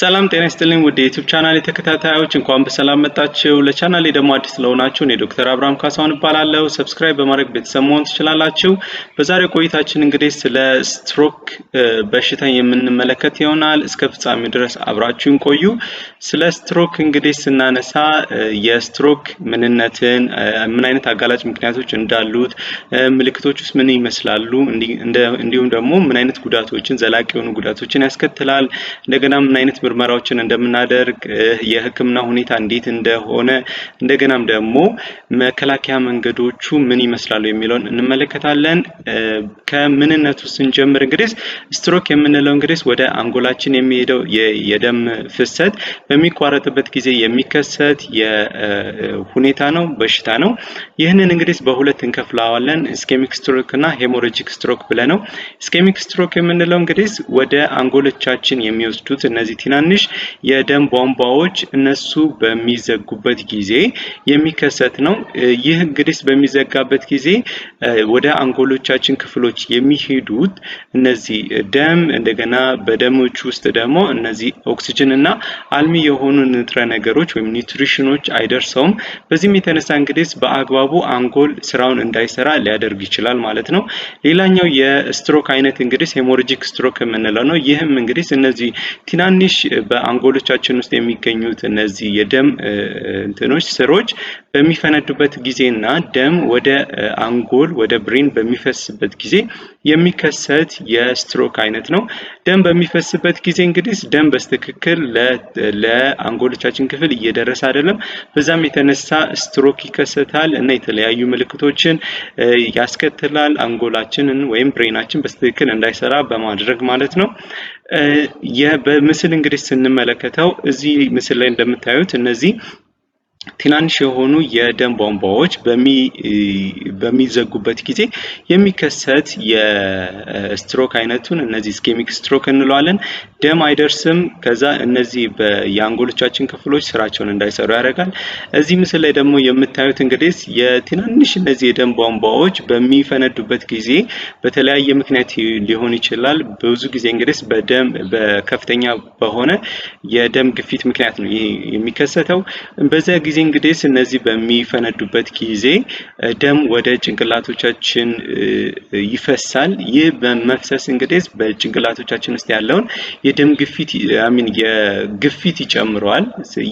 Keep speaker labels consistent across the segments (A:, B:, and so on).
A: ሰላም ጤና ይስጥልኝ ውድ የዩቲዩብ ቻናል የተከታታዮች እንኳን በሰላም መጣችሁ። ለቻናሌ ደግሞ አዲስ ለሆናችሁ እኔ ዶክተር አብርሃም ካሳሁን እባላለሁ። ሰብስክራይብ በማድረግ ቤተሰብ መሆን ትችላላችሁ። በዛሬው ቆይታችን እንግዲህ ስለ ስትሮክ በሽታ የምንመለከት ይሆናል። እስከ ፍጻሜ ድረስ አብራችሁን ቆዩ። ስለ ስትሮክ እንግዲህ ስናነሳ የስትሮክ ምንነትን፣ ምን አይነት አጋላጭ ምክንያቶች እንዳሉት፣ ምልክቶች ውስጥ ምን ይመስላሉ፣ እንዲሁም ደግሞ ምን አይነት ጉዳቶችን ዘላቂ የሆኑ ጉዳቶችን ያስከትላል እንደገና ምን አይነት ምርመራዎችን እንደምናደርግ የህክምና ሁኔታ እንዴት እንደሆነ እንደገናም ደግሞ መከላከያ መንገዶቹ ምን ይመስላሉ የሚለውን እንመለከታለን። ከምንነቱ ስንጀምር እንግዲህ ስትሮክ የምንለው እንግዲህ ወደ አንጎላችን የሚሄደው የደም ፍሰት በሚቋረጥበት ጊዜ የሚከሰት የሁኔታ ነው፣ በሽታ ነው። ይህንን እንግዲህ በሁለት እንከፍለዋለን ስኬሚክ ስትሮክ እና ሄሞሮጂክ ስትሮክ ብለ ነው። ስኬሚክ ስትሮክ የምንለው እንግዲህ ወደ አንጎሎቻችን የሚወስዱት እነዚህ ቲና ትናንሽ የደም ቧንቧዎች እነሱ በሚዘጉበት ጊዜ የሚከሰት ነው። ይህ እንግዲህ በሚዘጋበት ጊዜ ወደ አንጎሎቻችን ክፍሎች የሚሄዱት እነዚህ ደም እንደገና በደሞች ውስጥ ደግሞ እነዚህ ኦክሲጅን እና አልሚ የሆኑ ንጥረ ነገሮች ወይም ኒውትሪሽኖች አይደርሰውም። በዚህም የተነሳ እንግዲህ በአግባቡ አንጎል ስራውን እንዳይሰራ ሊያደርግ ይችላል ማለት ነው። ሌላኛው የስትሮክ አይነት እንግዲህ ሄሞሮጂክ ስትሮክ የምንለው ነው። ይህም እንግዲህ እነዚህ ትናንሽ በአንጎሎቻችን ውስጥ የሚገኙት እነዚህ የደም እንትኖች ስሮች በሚፈነዱበት ጊዜና ደም ወደ አንጎል ወደ ብሬን በሚፈስበት ጊዜ የሚከሰት የስትሮክ አይነት ነው። ደም በሚፈስበት ጊዜ እንግዲህ ደም በስትክክል ለአንጎሎቻችን ክፍል እየደረሰ አይደለም። በዛም የተነሳ ስትሮክ ይከሰታል እና የተለያዩ ምልክቶችን ያስከትላል። አንጎላችንን ወይም ብሬናችን በስትክክል እንዳይሰራ በማድረግ ማለት ነው። በምስል እንግዲህ ስንመለከተው እዚህ ምስል ላይ እንደምታዩት እነዚህ ትናንሽ የሆኑ የደም ቧንቧዎች በሚዘጉበት ጊዜ የሚከሰት የስትሮክ አይነቱን እነዚህ ስኬሚክ ስትሮክ እንለዋለን። ደም አይደርስም። ከዛ እነዚህ የአንጎሎቻችን ክፍሎች ስራቸውን እንዳይሰሩ ያደርጋል። እዚህ ምስል ላይ ደግሞ የምታዩት እንግዲህ የትናንሽ እነዚህ የደም ቧንቧዎች በሚፈነዱበት ጊዜ በተለያየ ምክንያት ሊሆን ይችላል። ብዙ ጊዜ እንግዲህ በደም በከፍተኛ በሆነ የደም ግፊት ምክንያት ነው ይህ የሚከሰተው በዚያ ጊዜ ጊዜ እንግዲህ እነዚህ በሚፈነዱበት ጊዜ ደም ወደ ጭንቅላቶቻችን ይፈሳል። ይህ በመፍሰስ እንግዲህ በጭንቅላቶቻችን ውስጥ ያለውን የደም ግፊት አሚን የግፊት ይጨምረዋል።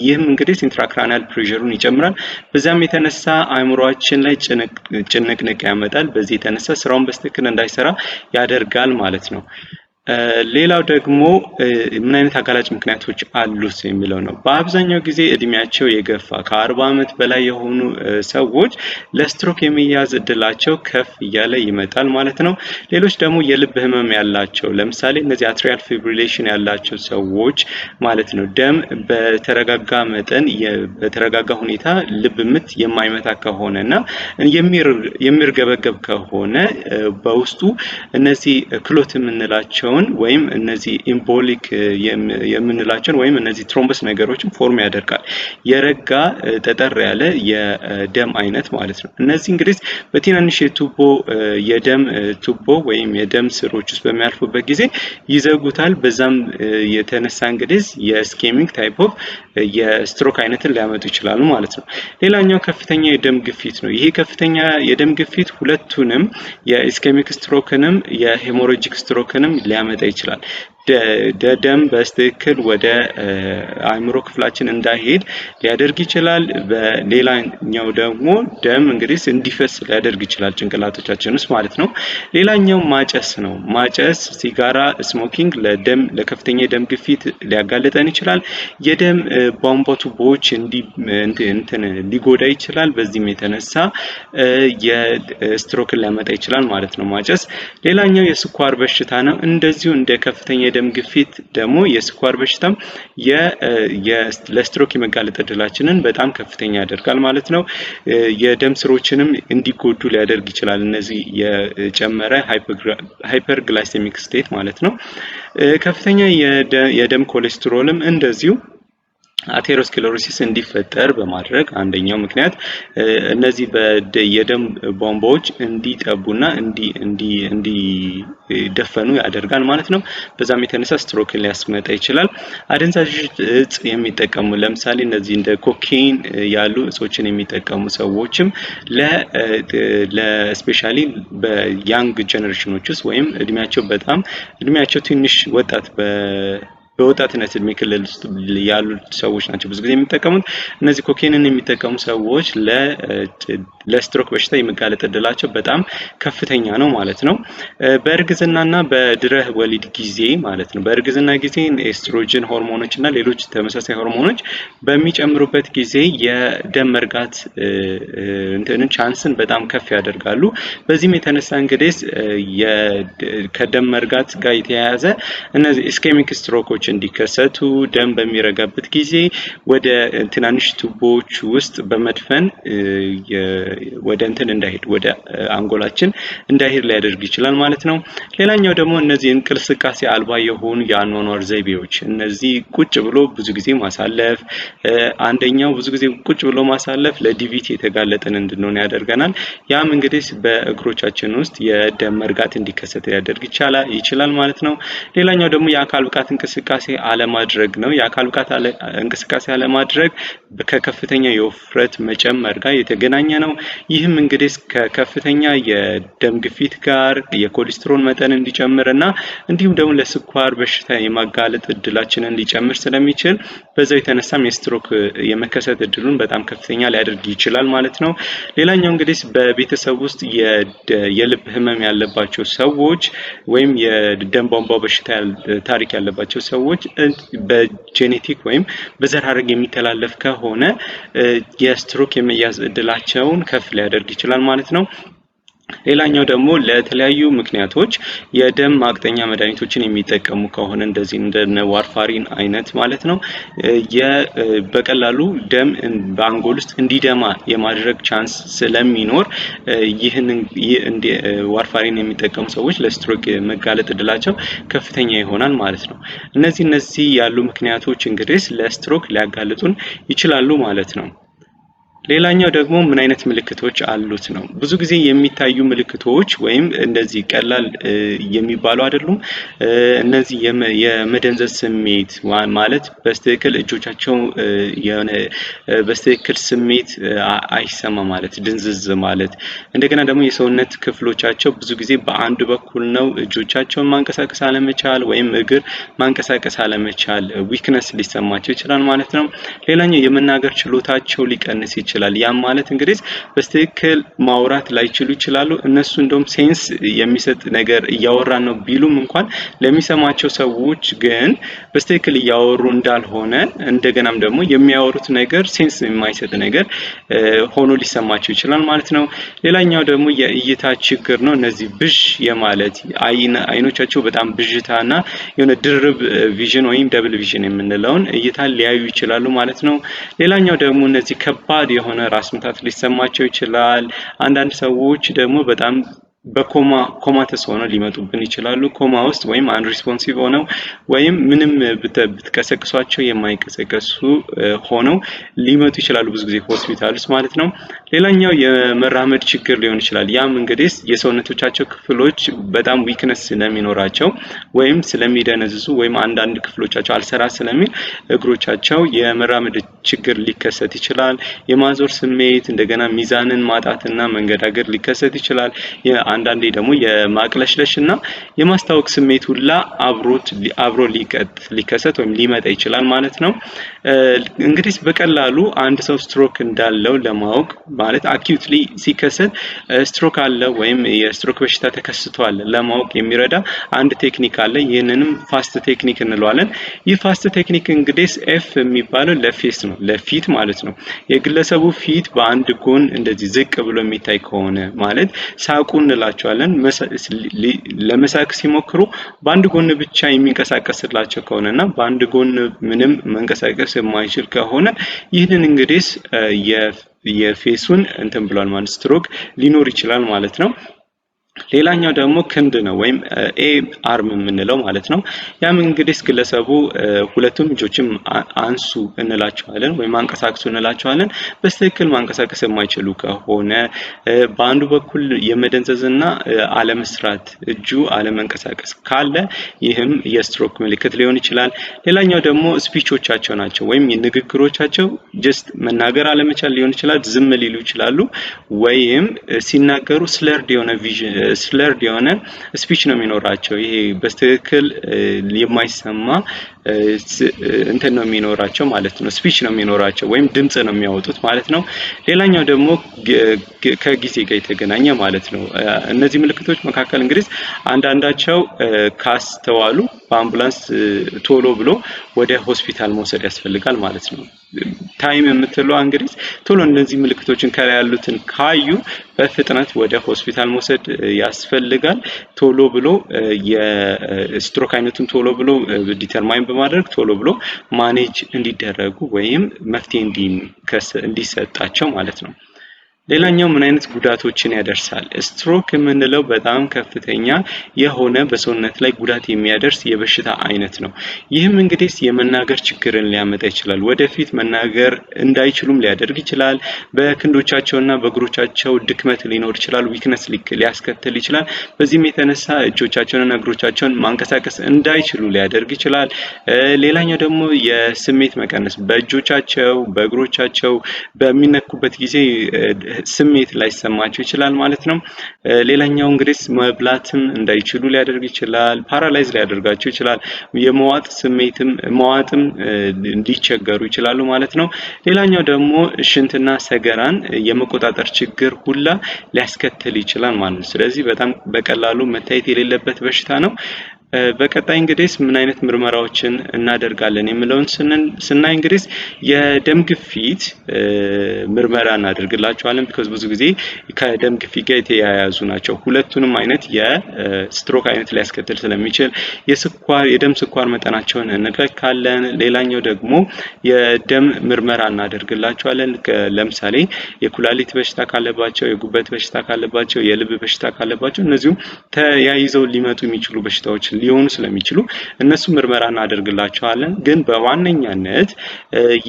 A: ይህም እንግዲህ ኢንትራክራናል ፕሬሸሩን ይጨምራል። በዚያም የተነሳ አእምሯችን ላይ ጭንቅንቅ ያመጣል። በዚህ የተነሳ ስራውን በስትክክል እንዳይሰራ ያደርጋል ማለት ነው። ሌላው ደግሞ ምን አይነት አጋላጭ ምክንያቶች አሉት የሚለው ነው። በአብዛኛው ጊዜ እድሜያቸው የገፋ ከአርባ ዓመት በላይ የሆኑ ሰዎች ለስትሮክ የመያዝ እድላቸው ከፍ እያለ ይመጣል ማለት ነው። ሌሎች ደግሞ የልብ ህመም ያላቸው ለምሳሌ እነዚህ አትሪያል ፊብሪሌሽን ያላቸው ሰዎች ማለት ነው። ደም በተረጋጋ መጠን በተረጋጋ ሁኔታ ልብ ምት የማይመታ ከሆነ እና የሚርገበገብ ከሆነ በውስጡ እነዚህ ክሎት የምንላቸው የሚለውን ወይም እነዚህ ኢምቦሊክ የምንላቸውን ወይም እነዚህ ትሮምበስ ነገሮችን ፎርም ያደርጋል። የረጋ ጠጠር ያለ የደም አይነት ማለት ነው። እነዚህ እንግዲህ በትናንሽ የቱቦ የደም ቱቦ ወይም የደም ስሮች ውስጥ በሚያልፉበት ጊዜ ይዘጉታል። በዛም የተነሳ እንግዲህ የስኬሚንግ ታይፕ ኦፍ የስትሮክ አይነትን ሊያመጡ ይችላሉ ማለት ነው። ሌላኛው ከፍተኛ የደም ግፊት ነው። ይሄ ከፍተኛ የደም ግፊት ሁለቱንም የኢስኬሚክ ስትሮክንም የሄሞሮጂክ ስትሮክንም ሊያ ሊያመጣ ይችላል ደም በስትክክል ወደ አእምሮ ክፍላችን እንዳይሄድ ሊያደርግ ይችላል። በሌላኛው ደግሞ ደም እንግዲህ እንዲፈስ ሊያደርግ ይችላል ጭንቅላቶቻችን ውስጥ ማለት ነው። ሌላኛው ማጨስ ነው። ማጨስ ሲጋራ፣ ስሞኪንግ ለደም ለከፍተኛ የደም ግፊት ሊያጋልጠን ይችላል። የደም ቧንቧ ቱቦዎች እንትን ሊጎዳ ይችላል። በዚህም የተነሳ የስትሮክን ሊያመጣ ይችላል ማለት ነው ማጨስ። ሌላኛው የስኳር በሽታ ነው። እንደዚሁ እንደ ከፍተኛ የደም ግፊት ደግሞ የስኳር በሽታም ለስትሮክ የመጋለጥ እድላችንን በጣም ከፍተኛ ያደርጋል ማለት ነው። የደም ስሮችንም እንዲጎዱ ሊያደርግ ይችላል። እነዚህ የጨመረ ሃይፐርግላይሴሚክ ስቴት ማለት ነው። ከፍተኛ የደም ኮሌስትሮልም እንደዚሁ አቴሮስክለሮሲስ እንዲፈጠር በማድረግ አንደኛው ምክንያት እነዚህ የደም ቧንቧዎች እንዲጠቡና እንዲደፈኑ ያደርጋል ማለት ነው። በዛም የተነሳ ስትሮክን ሊያስመጣ ይችላል። አደንዛዥ እጽ የሚጠቀሙ ለምሳሌ እነዚህ እንደ ኮኬን ያሉ እጾችን የሚጠቀሙ ሰዎችም ለስፔሻሊ በያንግ ጀኔሬሽኖች ውስጥ ወይም እድሜያቸው በጣም እድሜያቸው ትንሽ ወጣት በወጣትነት እድሜ ክልል ውስጥ ያሉ ሰዎች ናቸው ብዙ ጊዜ የሚጠቀሙት። እነዚህ ኮኬንን የሚጠቀሙ ሰዎች ለስትሮክ በሽታ የመጋለጥ እድላቸው በጣም ከፍተኛ ነው ማለት ነው። በእርግዝናና በድህረ ወሊድ ጊዜ ማለት ነው። በእርግዝና ጊዜ ኤስትሮጅን ሆርሞኖች እና ሌሎች ተመሳሳይ ሆርሞኖች በሚጨምሩበት ጊዜ የደም መርጋት እንትን ቻንስን በጣም ከፍ ያደርጋሉ። በዚህም የተነሳ እንግዲህ ከደም መርጋት ጋር የተያያዘ እነዚህ ኢስኬሚክ ስትሮኮች ችግሮች እንዲከሰቱ ደም በሚረጋበት ጊዜ ወደ ትናንሽ ቱቦዎች ውስጥ በመድፈን ወደ እንትን እንዳይሄድ ወደ አንጎላችን እንዳይሄድ ሊያደርግ ይችላል ማለት ነው። ሌላኛው ደግሞ እነዚህ እንቅስቃሴ አልባ የሆኑ የአኗኗር ዘይቤዎች፣ እነዚህ ቁጭ ብሎ ብዙ ጊዜ ማሳለፍ አንደኛው ብዙ ጊዜ ቁጭ ብሎ ማሳለፍ ለዲቪቲ የተጋለጠን እንድንሆን ያደርገናል። ያም እንግዲህ በእግሮቻችን ውስጥ የደም መርጋት እንዲከሰት ሊያደርግ ይችላል ማለት ነው። ሌላኛው ደግሞ የአካል ብቃት እንቅስቃሴ እንቅስቃሴ አለማድረግ ነው። የአካል ብቃት እንቅስቃሴ አለማድረግ ከከፍተኛ የውፍረት መጨመር ጋር የተገናኘ ነው። ይህም እንግዲህ ከከፍተኛ የደም ግፊት ጋር የኮሌስትሮል መጠን እንዲጨምር እና እንዲሁም ደግሞ ለስኳር በሽታ የማጋለጥ እድላችንን ሊጨምር ስለሚችል በዛው የተነሳም የስትሮክ የመከሰት እድሉን በጣም ከፍተኛ ሊያደርግ ይችላል ማለት ነው። ሌላኛው እንግዲህ በቤተሰብ ውስጥ የልብ ህመም ያለባቸው ሰዎች ወይም የደም ቧንቧ በሽታ ታሪክ ያለባቸው ሰዎች ሰዎች በጄኔቲክ ወይም በዘር ሐረግ የሚተላለፍ ከሆነ የስትሮክ የመያዝ እድላቸውን ከፍ ሊያደርግ ይችላል ማለት ነው። ሌላኛው ደግሞ ለተለያዩ ምክንያቶች የደም ማቅጠኛ መድኃኒቶችን የሚጠቀሙ ከሆነ እንደዚህ እንደ ዋርፋሪን አይነት ማለት ነው በቀላሉ ደም በአንጎል ውስጥ እንዲደማ የማድረግ ቻንስ ስለሚኖር ይህንን ዋርፋሪን የሚጠቀሙ ሰዎች ለስትሮክ መጋለጥ እድላቸው ከፍተኛ ይሆናል ማለት ነው። እነዚህ እነዚህ ያሉ ምክንያቶች እንግዲህ ለስትሮክ ሊያጋልጡን ይችላሉ ማለት ነው። ሌላኛው ደግሞ ምን አይነት ምልክቶች አሉት ነው። ብዙ ጊዜ የሚታዩ ምልክቶች ወይም እንደዚህ ቀላል የሚባሉ አይደሉም። እነዚህ የመደንዘዝ ስሜት ማለት በስትክክል እጆቻቸው የሆነ በስትክክል ስሜት አይሰማ ማለት ድንዝዝ ማለት፣ እንደገና ደግሞ የሰውነት ክፍሎቻቸው ብዙ ጊዜ በአንድ በኩል ነው። እጆቻቸውን ማንቀሳቀስ አለመቻል ወይም እግር ማንቀሳቀስ አለመቻል ዊክነስ ሊሰማቸው ይችላል ማለት ነው። ሌላኛው የመናገር ችሎታቸው ሊቀንስ ይችላል ይችላል። ያም ማለት እንግዲህ በስትክክል ማውራት ላይችሉ ይችላሉ። እነሱ እንደውም ሴንስ የሚሰጥ ነገር እያወራን ነው ቢሉም እንኳን ለሚሰማቸው ሰዎች ግን በስትክክል እያወሩ እንዳልሆነ እንደገናም ደግሞ የሚያወሩት ነገር ሴንስ የማይሰጥ ነገር ሆኖ ሊሰማቸው ይችላል ማለት ነው። ሌላኛው ደግሞ የእይታ ችግር ነው። እነዚህ ብዥ የማለት አይኖቻቸው በጣም ብዥታና የሆነ ድርብ ቪዥን ወይም ደብል ቪዥን የምንለውን እይታ ሊያዩ ይችላሉ ማለት ነው። ሌላኛው ደግሞ እነዚህ ከባድ የሆነ ራስ ምታት ሊሰማቸው ይችላል። አንዳንድ ሰዎች ደግሞ በጣም በኮማ ኮማተስ ሆነው ሊመጡብን ይችላሉ። ኮማ ውስጥ ወይም ሪስፖንሲቭ ሆነው ወይም ምንም ብትቀሰቅሷቸው የማይቀሰቀሱ ሆነው ሊመጡ ይችላሉ፣ ብዙ ጊዜ ሆስፒታል ውስጥ ማለት ነው። ሌላኛው የመራመድ ችግር ሊሆን ይችላል። ያም እንግዲህ የሰውነቶቻቸው ክፍሎች በጣም ዊክነስ ስለሚኖራቸው ወይም ስለሚደነዝዙ ወይም አንዳንድ ክፍሎቻቸው አልሰራ ስለሚል እግሮቻቸው የመራመድ ችግር ሊከሰት ይችላል። የማዞር ስሜት፣ እንደገና ሚዛንን ማጣትና መንገዳገር ሊከሰት ይችላል። አንዳንዴ ደግሞ የማቅለሽለሽ እና የማስታወክ ስሜት ሁላ አብሮት አብሮ ሊከሰት ወይም ሊመጣ ይችላል ማለት ነው። እንግዲህ በቀላሉ አንድ ሰው ስትሮክ እንዳለው ለማወቅ ማለት አኪዩትሊ ሲከሰት ስትሮክ አለ ወይም የስትሮክ በሽታ ተከስቷል ለማወቅ የሚረዳ አንድ ቴክኒክ አለ። ይህንንም ፋስት ቴክኒክ እንለዋለን። ይህ ፋስት ቴክኒክ እንግዲህ ኤፍ የሚባለው ለፌስ ነው ለፊት ማለት ነው። የግለሰቡ ፊት በአንድ ጎን እንደዚህ ዝቅ ብሎ የሚታይ ከሆነ ማለት ሳቁ እንልክላቸዋለን። ለመሳቅ ሲሞክሩ በአንድ ጎን ብቻ የሚንቀሳቀስላቸው ከሆነ እና በአንድ ጎን ምንም መንቀሳቀስ የማይችል ከሆነ ይህንን እንግዲህ የፌሱን እንትን ብሏል ማለት ስትሮክ ሊኖር ይችላል ማለት ነው። ሌላኛው ደግሞ ክንድ ነው ወይም ኤ አርም የምንለው ማለት ነው። ያም እንግዲህ ግለሰቡ ሁለቱም እጆችም አንሱ እንላቸዋለን ወይም አንቀሳቅሱ እንላቸዋለን። በትክክል ማንቀሳቀስ የማይችሉ ከሆነ በአንዱ በኩል የመደንዘዝና አለመስራት፣ እጁ አለመንቀሳቀስ ካለ ይህም የስትሮክ ምልክት ሊሆን ይችላል። ሌላኛው ደግሞ ስፒቾቻቸው ናቸው ወይም ንግግሮቻቸው ጀስት መናገር አለመቻል ሊሆን ይችላል። ዝም ሊሉ ይችላሉ ወይም ሲናገሩ ስለርድ የሆነ ቪዥን ስለርድ የሆነ ስፒች ነው የሚኖራቸው። ይሄ በትክክል የማይሰማ እንትን ነው የሚኖራቸው ማለት ነው። ስፒች ነው የሚኖራቸው ወይም ድምፅ ነው የሚያወጡት ማለት ነው። ሌላኛው ደግሞ ከጊዜ ጋር የተገናኘ ማለት ነው። እነዚህ ምልክቶች መካከል እንግዲህ አንዳንዳቸው ካስተዋሉ በአምቡላንስ ቶሎ ብሎ ወደ ሆስፒታል መውሰድ ያስፈልጋል ማለት ነው። ታይም የምትለው እንግዲህ ቶሎ እነዚህ ምልክቶችን ከላይ ያሉትን ካዩ በፍጥነት ወደ ሆስፒታል መውሰድ ያስፈልጋል። ቶሎ ብሎ የስትሮክ አይነቱን ቶሎ ብሎ ዲተርማይን በማድረግ ቶሎ ብሎ ማኔጅ እንዲደረጉ ወይም መፍትሄ እንዲሰጣቸው ማለት ነው። ሌላኛው ምን አይነት ጉዳቶችን ያደርሳል? ስትሮክ የምንለው በጣም ከፍተኛ የሆነ በሰውነት ላይ ጉዳት የሚያደርስ የበሽታ አይነት ነው። ይህም እንግዲህ የመናገር ችግርን ሊያመጣ ይችላል። ወደፊት መናገር እንዳይችሉም ሊያደርግ ይችላል። በክንዶቻቸውና በእግሮቻቸው ድክመት ሊኖር ይችላል። ዊክነስ ሊያስከትል ይችላል። በዚህም የተነሳ እጆቻቸውንና እግሮቻቸውን ማንቀሳቀስ እንዳይችሉ ሊያደርግ ይችላል። ሌላኛው ደግሞ የስሜት መቀነስ በእጆቻቸው በእግሮቻቸው በሚነኩበት ጊዜ ስሜት ላይሰማቸው ይችላል ማለት ነው። ሌላኛው እንግዲህ መብላትም እንዳይችሉ ሊያደርግ ይችላል። ፓራላይዝ ሊያደርጋቸው ይችላል። የመዋጥ ስሜትም መዋጥም እንዲቸገሩ ይችላሉ ማለት ነው። ሌላኛው ደግሞ ሽንትና ሰገራን የመቆጣጠር ችግር ሁላ ሊያስከትል ይችላል ማለት ነው። ስለዚህ በጣም በቀላሉ መታየት የሌለበት በሽታ ነው። በቀጣይ እንግዲህ ምን አይነት ምርመራዎችን እናደርጋለን የሚለውን ስናይ እንግዲህ የደም ግፊት ምርመራ እናደርግላቸዋለን። ቢኮዝ ብዙ ጊዜ ከደም ግፊት ጋር የተያያዙ ናቸው። ሁለቱንም አይነት የስትሮክ አይነት ሊያስከትል ስለሚችል የስኳር የደም ስኳር መጠናቸውን እንለካለን። ሌላኛው ደግሞ የደም ምርመራ እናደርግላቸዋለን። ለምሳሌ የኩላሊት በሽታ ካለባቸው፣ የጉበት በሽታ ካለባቸው፣ የልብ በሽታ ካለባቸው እነዚሁም ተያይዘው ሊመጡ የሚችሉ በሽታዎች ሊሆኑ ስለሚችሉ እነሱ ምርመራ እናደርግላቸዋለን። ግን በዋነኛነት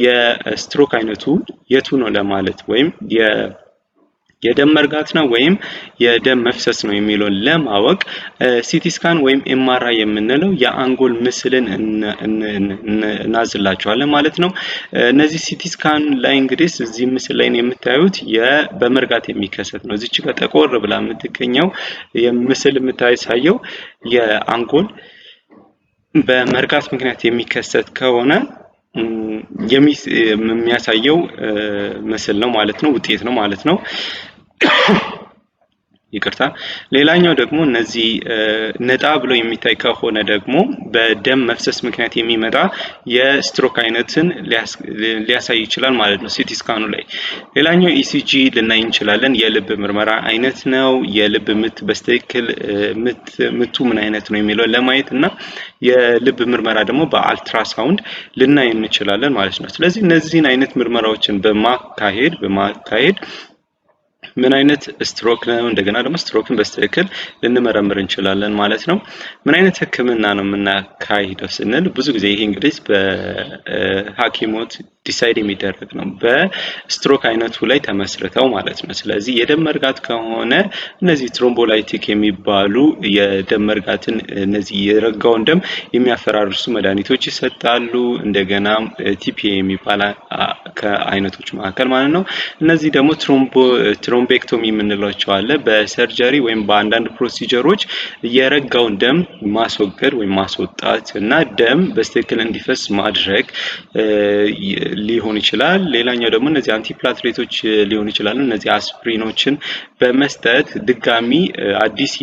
A: የስትሮክ አይነቱ የቱ ነው ለማለት ወይም የደም መርጋት ነው ወይም የደም መፍሰስ ነው የሚለውን ለማወቅ ሲቲ ስካን ወይም ኤምአርአይ የምንለው የአንጎል ምስልን እናዝላቸዋለን ማለት ነው። እነዚህ ሲቲ ስካን ላይ እንግዲህ እዚህ ምስል ላይ የምታዩት በመርጋት የሚከሰት ነው። እዚች ከጠቆር ጠቆር ብላ የምትገኘው ምስል የምታሳየው የአንጎል በመርጋት ምክንያት የሚከሰት ከሆነ የሚያሳየው ምስል ነው ማለት ነው፣ ውጤት ነው ማለት ነው። ይቅርታ። ሌላኛው ደግሞ እነዚህ ነጣ ብሎ የሚታይ ከሆነ ደግሞ በደም መፍሰስ ምክንያት የሚመጣ የስትሮክ አይነትን ሊያሳይ ይችላል ማለት ነው ሲቲ ስካኑ ላይ። ሌላኛው ኢሲጂ ልናይ እንችላለን። የልብ ምርመራ አይነት ነው። የልብ ምት በስትክክል ምቱ ምን አይነት ነው የሚለው ለማየት እና የልብ ምርመራ ደግሞ በአልትራሳውንድ ልናይ እንችላለን ማለት ነው። ስለዚህ እነዚህን አይነት ምርመራዎችን በማካሄድ በማካሄድ ምን አይነት ስትሮክ ነው፣ እንደገና ደግሞ ስትሮክን በስትክክል ልንመረምር እንችላለን ማለት ነው። ምን አይነት ህክምና ነው የምናካሂደው ስንል ብዙ ጊዜ ይሄ እንግዲህ በሐኪሞት ዲሳይድ የሚደረግ ነው በስትሮክ አይነቱ ላይ ተመስርተው ማለት ነው። ስለዚህ የደም መርጋት ከሆነ እነዚህ ትሮምቦላይቲክ የሚባሉ የደም መርጋትን እነዚህ የረጋውን ደም የሚያፈራርሱ መድኃኒቶች ይሰጣሉ። እንደገና ቲፒ የሚባል ከአይነቶች መካከል ማለት ነው። እነዚህ ደግሞ ትሮምቤክቶሚ የምንላቸው አለ። በሰርጀሪ ወይም በአንዳንድ ፕሮሲጀሮች የረጋውን ደም ማስወገድ ወይም ማስወጣት እና ደም በስትክክል እንዲፈስ ማድረግ ሊሆን ይችላል። ሌላኛው ደግሞ እነዚህ አንቲፕላትሌቶች ሊሆን ይችላል። እነዚህ አስፕሪኖችን በመስጠት ድጋሚ አዲስ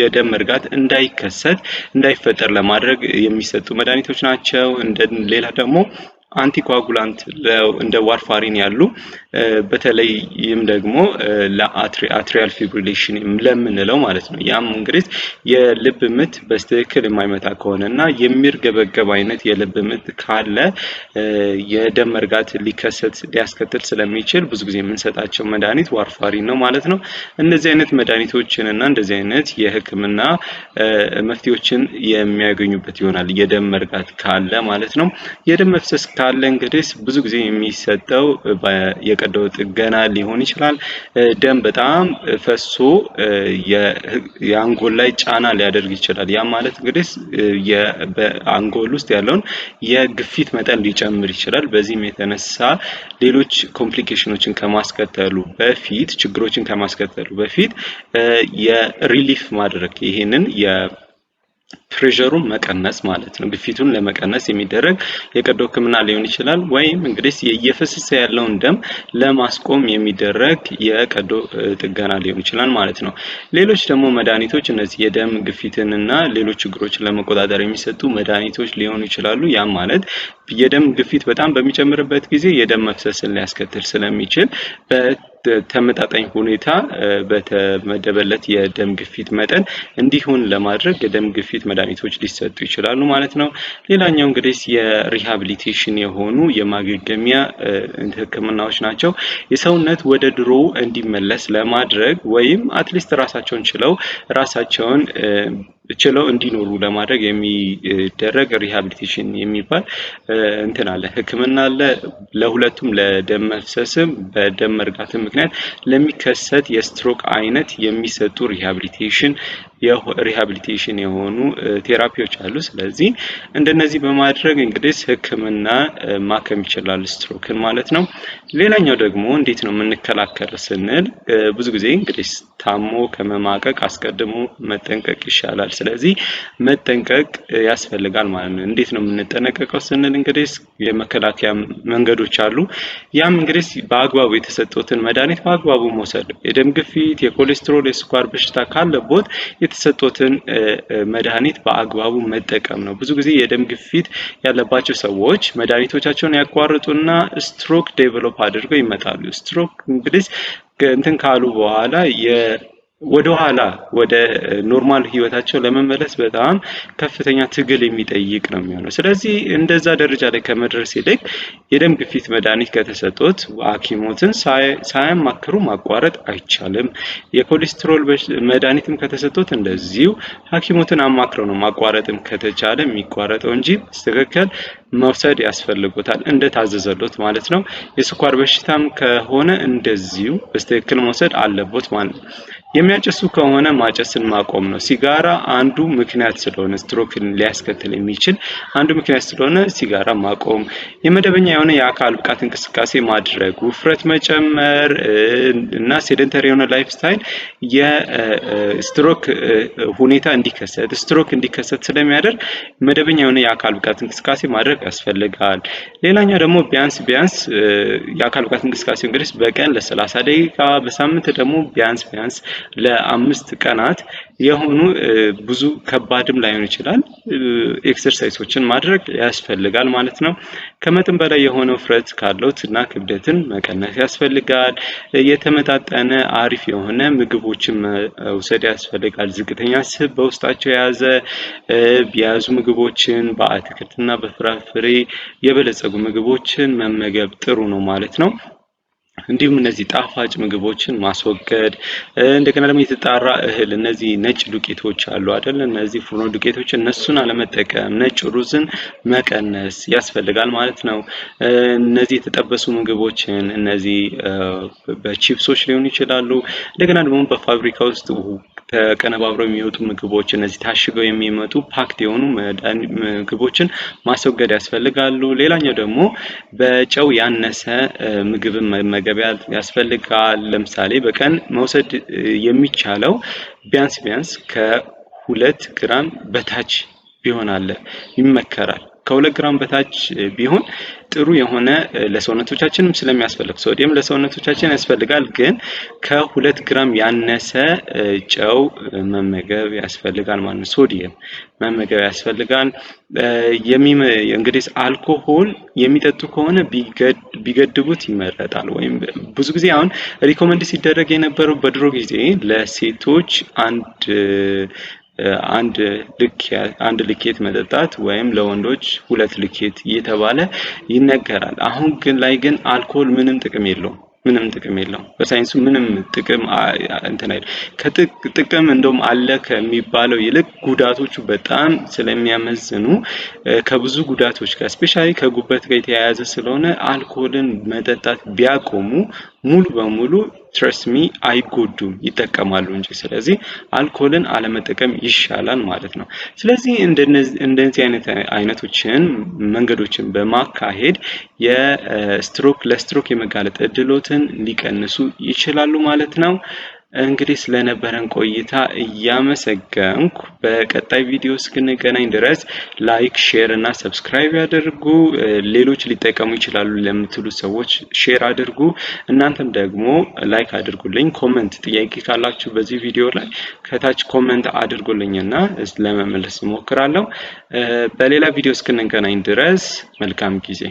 A: የደም መርጋት እንዳይከሰት እንዳይፈጠር ለማድረግ የሚሰጡ መድኃኒቶች ናቸው። እንደ ሌላ ደግሞ አንቲኳጉላንት እንደ ዋርፋሪን ያሉ በተለይም ደግሞ ለአትሪያል ፊብሪሌሽን ለምንለው ማለት ነው። ያም እንግዲህ የልብ ምት በትክክል የማይመታ ከሆነ እና የሚርገበገብ አይነት የልብ ምት ካለ የደም መርጋት ሊከሰት ሊያስከትል ስለሚችል ብዙ ጊዜ የምንሰጣቸው መድኃኒት ዋርፋሪን ነው ማለት ነው። እንደዚህ አይነት መድኃኒቶችን እና እንደዚህ አይነት የህክምና መፍትሄዎችን የሚያገኙበት ይሆናል የደም መርጋት ካለ ማለት ነው። የደም መፍሰስ ካለ እንግዲህ ብዙ ጊዜ የሚሰጠው የቀዶ ጥገና ሊሆን ይችላል። ደም በጣም ፈሶ የአንጎል ላይ ጫና ሊያደርግ ይችላል። ያ ማለት እንግዲህ በአንጎል ውስጥ ያለውን የግፊት መጠን ሊጨምር ይችላል። በዚህም የተነሳ ሌሎች ኮምፕሊኬሽኖችን ከማስከተሉ በፊት ችግሮችን ከማስከተሉ በፊት የሪሊፍ ማድረግ ይህንን ፕሬሸሩን መቀነስ ማለት ነው። ግፊቱን ለመቀነስ የሚደረግ የቀዶ ሕክምና ሊሆን ይችላል። ወይም እንግዲህ እየፈሰሰ ያለውን ደም ለማስቆም የሚደረግ የቀዶ ጥገና ሊሆን ይችላል ማለት ነው። ሌሎች ደግሞ መድኃኒቶች እነዚህ የደም ግፊትንና ሌሎች ችግሮችን ለመቆጣጠር የሚሰጡ መድኃኒቶች ሊሆኑ ይችላሉ። ያም ማለት የደም ግፊት በጣም በሚጨምርበት ጊዜ የደም መፍሰስን ሊያስከትል ስለሚችል ተመጣጣኝ ሁኔታ በተመደበለት የደም ግፊት መጠን እንዲሆን ለማድረግ የደም ግፊት መድኃኒት መድኃኒቶች ሊሰጡ ይችላሉ ማለት ነው። ሌላኛው እንግዲህ የሪሃብሊቴሽን የሆኑ የማገገሚያ ህክምናዎች ናቸው። የሰውነት ወደ ድሮ እንዲመለስ ለማድረግ ወይም አትሊስት ራሳቸውን ችለው ራሳቸውን ችለው እንዲኖሩ ለማድረግ የሚደረግ ሪሃብሊቴሽን የሚባል እንትን አለ፣ ህክምና አለ። ለሁለቱም ለደም መፍሰስም በደም መርጋትም ምክንያት ለሚከሰት የስትሮክ አይነት የሚሰጡ ሪሃብሊቴሽን ሪሃብሊቴሽን የሆኑ ቴራፒዎች አሉ። ስለዚህ እንደነዚህ በማድረግ እንግዲህ ህክምና ማከም ይችላል ስትሮክን ማለት ነው። ሌላኛው ደግሞ እንዴት ነው የምንከላከል ስንል ብዙ ጊዜ እንግዲህ ታሞ ከመማቀቅ አስቀድሞ መጠንቀቅ ይሻላል። ስለዚህ መጠንቀቅ ያስፈልጋል ማለት ነው። እንዴት ነው የምንጠነቀቀው ስንል እንግዲህ የመከላከያ መንገዶች አሉ። ያም እንግዲህ በአግባቡ የተሰጠውትን መድኃኒት በአግባቡ መውሰድ፣ የደም ግፊት፣ የኮሌስትሮል፣ የስኳር በሽታ ካለቦት የተሰጠትን መድኃኒት በአግባቡ መጠቀም ነው። ብዙ ጊዜ የደም ግፊት ያለባቸው ሰዎች መድኃኒቶቻቸውን ያቋርጡና ስትሮክ ዴቨሎፕ አድርገው ይመጣሉ። ስትሮክ እንግዲህ እንትን ካሉ በኋላ ወደኋላ ወደ ኖርማል ህይወታቸው ለመመለስ በጣም ከፍተኛ ትግል የሚጠይቅ ነው የሚሆነው። ስለዚህ እንደዛ ደረጃ ላይ ከመድረስ ይልቅ የደም ግፊት መድኃኒት ከተሰጡት ሐኪሞትን ሳያማክሩ ማቋረጥ አይቻልም። የኮሌስትሮል መድኃኒትም ከተሰጡት እንደዚሁ ሐኪሞትን አማክረው ነው ማቋረጥም ከተቻለ የሚቋረጠው እንጂ በትክክል መውሰድ ያስፈልጎታል እንደታዘዘሎት ማለት ነው። የስኳር በሽታም ከሆነ እንደዚሁ በትክክል መውሰድ አለቦት ማለት ነው። የሚያጨሱ ከሆነ ማጨስን ማቆም ነው። ሲጋራ አንዱ ምክንያት ስለሆነ ስትሮክን ሊያስከትል የሚችል አንዱ ምክንያት ስለሆነ ሲጋራ ማቆም፣ የመደበኛ የሆነ የአካል ብቃት እንቅስቃሴ ማድረግ፣ ውፍረት መጨመር እና ሴደንተሪ የሆነ ላይፍ ስታይል የስትሮክ ሁኔታ እንዲከሰት ስትሮክ እንዲከሰት ስለሚያደርግ መደበኛ የሆነ የአካል ብቃት እንቅስቃሴ ማድረግ ያስፈልጋል። ሌላኛው ደግሞ ቢያንስ ቢያንስ የአካል ብቃት እንቅስቃሴ እንግዲህ በቀን ለ30 ደቂቃ በሳምንት ደግሞ ቢያንስ ቢያንስ ለአምስት ቀናት የሆኑ ብዙ ከባድም ላይሆን ይችላል ኤክሰርሳይሶችን ማድረግ ያስፈልጋል ማለት ነው። ከመጠን በላይ የሆነ ውፍረት ካለውት እና ክብደትን መቀነስ ያስፈልጋል። የተመጣጠነ አሪፍ የሆነ ምግቦችን መውሰድ ያስፈልጋል። ዝቅተኛ ስብ በውስጣቸው የያዘ የያዙ ምግቦችን በአትክልትና በፍራፍሬ የበለጸጉ ምግቦችን መመገብ ጥሩ ነው ማለት ነው። እንዲሁም እነዚህ ጣፋጭ ምግቦችን ማስወገድ እንደገና ደግሞ የተጣራ እህል እነዚህ ነጭ ዱቄቶች አሉ አይደል? እነዚህ ፉርኖ ዱቄቶች እነሱን አለመጠቀም ነጭ ሩዝን መቀነስ ያስፈልጋል ማለት ነው። እነዚህ የተጠበሱ ምግቦችን እነዚህ በቺፕሶች ሊሆኑ ይችላሉ። እንደገና ደግሞ በፋብሪካ ውስጥ ተቀነባብረው የሚወጡ ምግቦች እነዚህ ታሽገው የሚመጡ ፓክት የሆኑ ምግቦችን ማስወገድ ያስፈልጋሉ። ሌላኛው ደግሞ በጨው ያነሰ ምግብን መመገብ መመገቢያ ያስፈልጋል። ለምሳሌ በቀን መውሰድ የሚቻለው ቢያንስ ቢያንስ ከሁለት ግራም በታች ቢሆን አለ ይመከራል። ከሁለት ግራም በታች ቢሆን ጥሩ የሆነ ለሰውነቶቻችንም ስለሚያስፈልግ ሶዲየም ለሰውነቶቻችን ያስፈልጋል። ግን ከሁለት ግራም ያነሰ ጨው መመገብ ያስፈልጋል ማለት ነው። ሶዲየም መመገብ ያስፈልጋል። እንግዲህ አልኮሆል የሚጠጡ ከሆነ ቢገድቡት ይመረጣል። ወይም ብዙ ጊዜ አሁን ሪኮመንድ ሲደረግ የነበረው በድሮ ጊዜ ለሴቶች አንድ አንድ ልኬት አንድ ልኬት መጠጣት ወይም ለወንዶች ሁለት ልኬት እየተባለ ይነገራል። አሁን ግን ላይ ግን አልኮል ምንም ጥቅም የለውም ምንም ጥቅም የለውም። በሳይንሱ ምንም ጥቅም እንትን አይደል ከጥቅም እንደውም አለ ከሚባለው ይልቅ ጉዳቶቹ በጣም ስለሚያመዝኑ ከብዙ ጉዳቶች ጋር እስፔሻሊ ከጉበት ጋር የተያያዘ ስለሆነ አልኮልን መጠጣት ቢያቆሙ ሙሉ በሙሉ ሚ አይጎዱም ይጠቀማሉ እንጂ። ስለዚህ አልኮልን አለመጠቀም ይሻላል ማለት ነው። ስለዚህ እንደዚህ አይነት አይነቶችን መንገዶችን በማካሄድ የስትሮክ ለስትሮክ የመጋለጥ እድሎትን ሊቀንሱ ይችላሉ ማለት ነው። እንግዲህ ስለነበረን ቆይታ እያመሰገንኩ በቀጣይ ቪዲዮ እስክንገናኝ ድረስ ላይክ፣ ሼር እና ሰብስክራይብ ያደርጉ። ሌሎች ሊጠቀሙ ይችላሉ ለምትሉ ሰዎች ሼር አድርጉ። እናንተም ደግሞ ላይክ አድርጉልኝ። ኮመንት፣ ጥያቄ ካላችሁ በዚህ ቪዲዮ ላይ ከታች ኮመንት አድርጉልኝ እና ለመመለስ እሞክራለሁ። በሌላ ቪዲዮ እስክንገናኝ ድረስ መልካም ጊዜ